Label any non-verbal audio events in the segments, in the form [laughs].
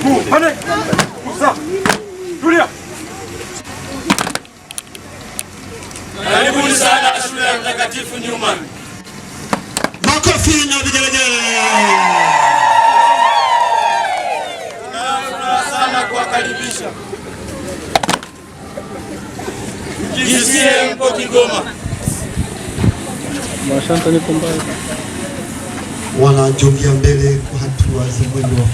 Hadi. Sasa. Tulia. Karibuni sana shule ya Mtakatifu Newman. Makofi na vigelegele. Tunafuraha sana kuwakaribisha. Mjisikie mko Kigoma. Asante, niko mbali. Wanajiongea mbele kwa hatua za mwendo wa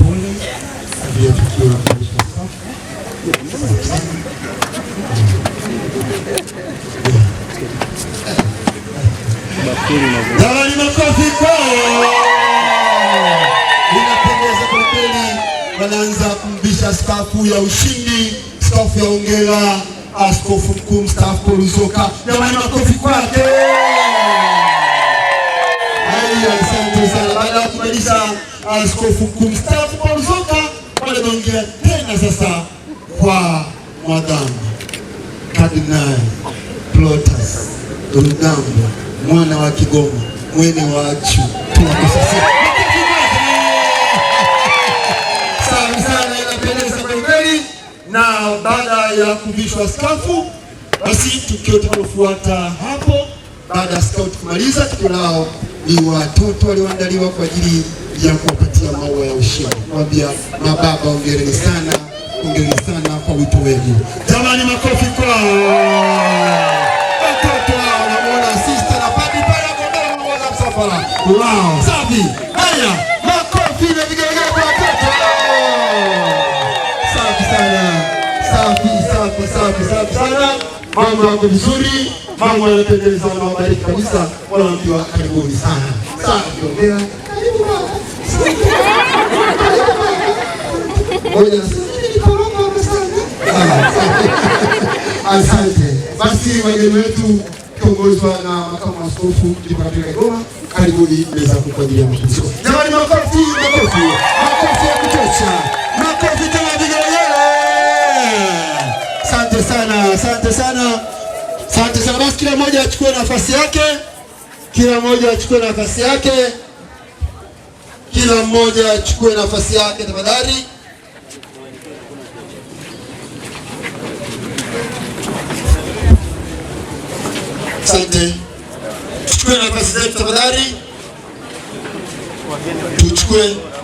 Jamani, makofi kwao. Inapendeza kwa kweli, wanaanza kumvisha stafu ya ushindi, stafu ya ongera, askofu mkuu mstaafu Paul Nzoka. Jamani, makofi kwake. Asante sana. Baada ya kumaliza askofu mkuu mstaafu Paul Nzoka, wanaongea tena sasa kwa mwadhamu Cardinal Plotas Rugambwa mwana wa Kigoma mwene wachu tunakusasa na baada ya kuvishwa skafu, basi tukio tutalofuata hapo baada ya scout kumaliza tukio lao ni watoto walioandaliwa kwa ajili ya kuwapatia maua ya ushindi. Nawaambia mababa, ongereni sana, ongereni sana wito wenu. Jamani, makofi kwao watoto sister na safi. Haya, makofi na vigelegele kwa watoto safi sana, safi safi safi safi sana. Mambo yako vizuri, mambo yanapendeza na mabariki kabisa. Mwanamke wa karibuni sana, safi gombea, karibu baba. [laughs] [laughs] Asante. Basi wageni wetu kiongozwa na makamu wa askofu jimbo la Kigoma, karibuni meza kwa ajili ya mapumziko. Jamani, makofi makofi makofi ya kutosha, makofi tena, vigelegele. Asante sana, asante sana, asante sana. Basi kila mmoja achukue nafasi yake, kila mmoja achukue nafasi yake, kila mmoja achukue nafasi yake tafadhali. Asante. Tuchukue nafasi zetu tafadhali, tuchukue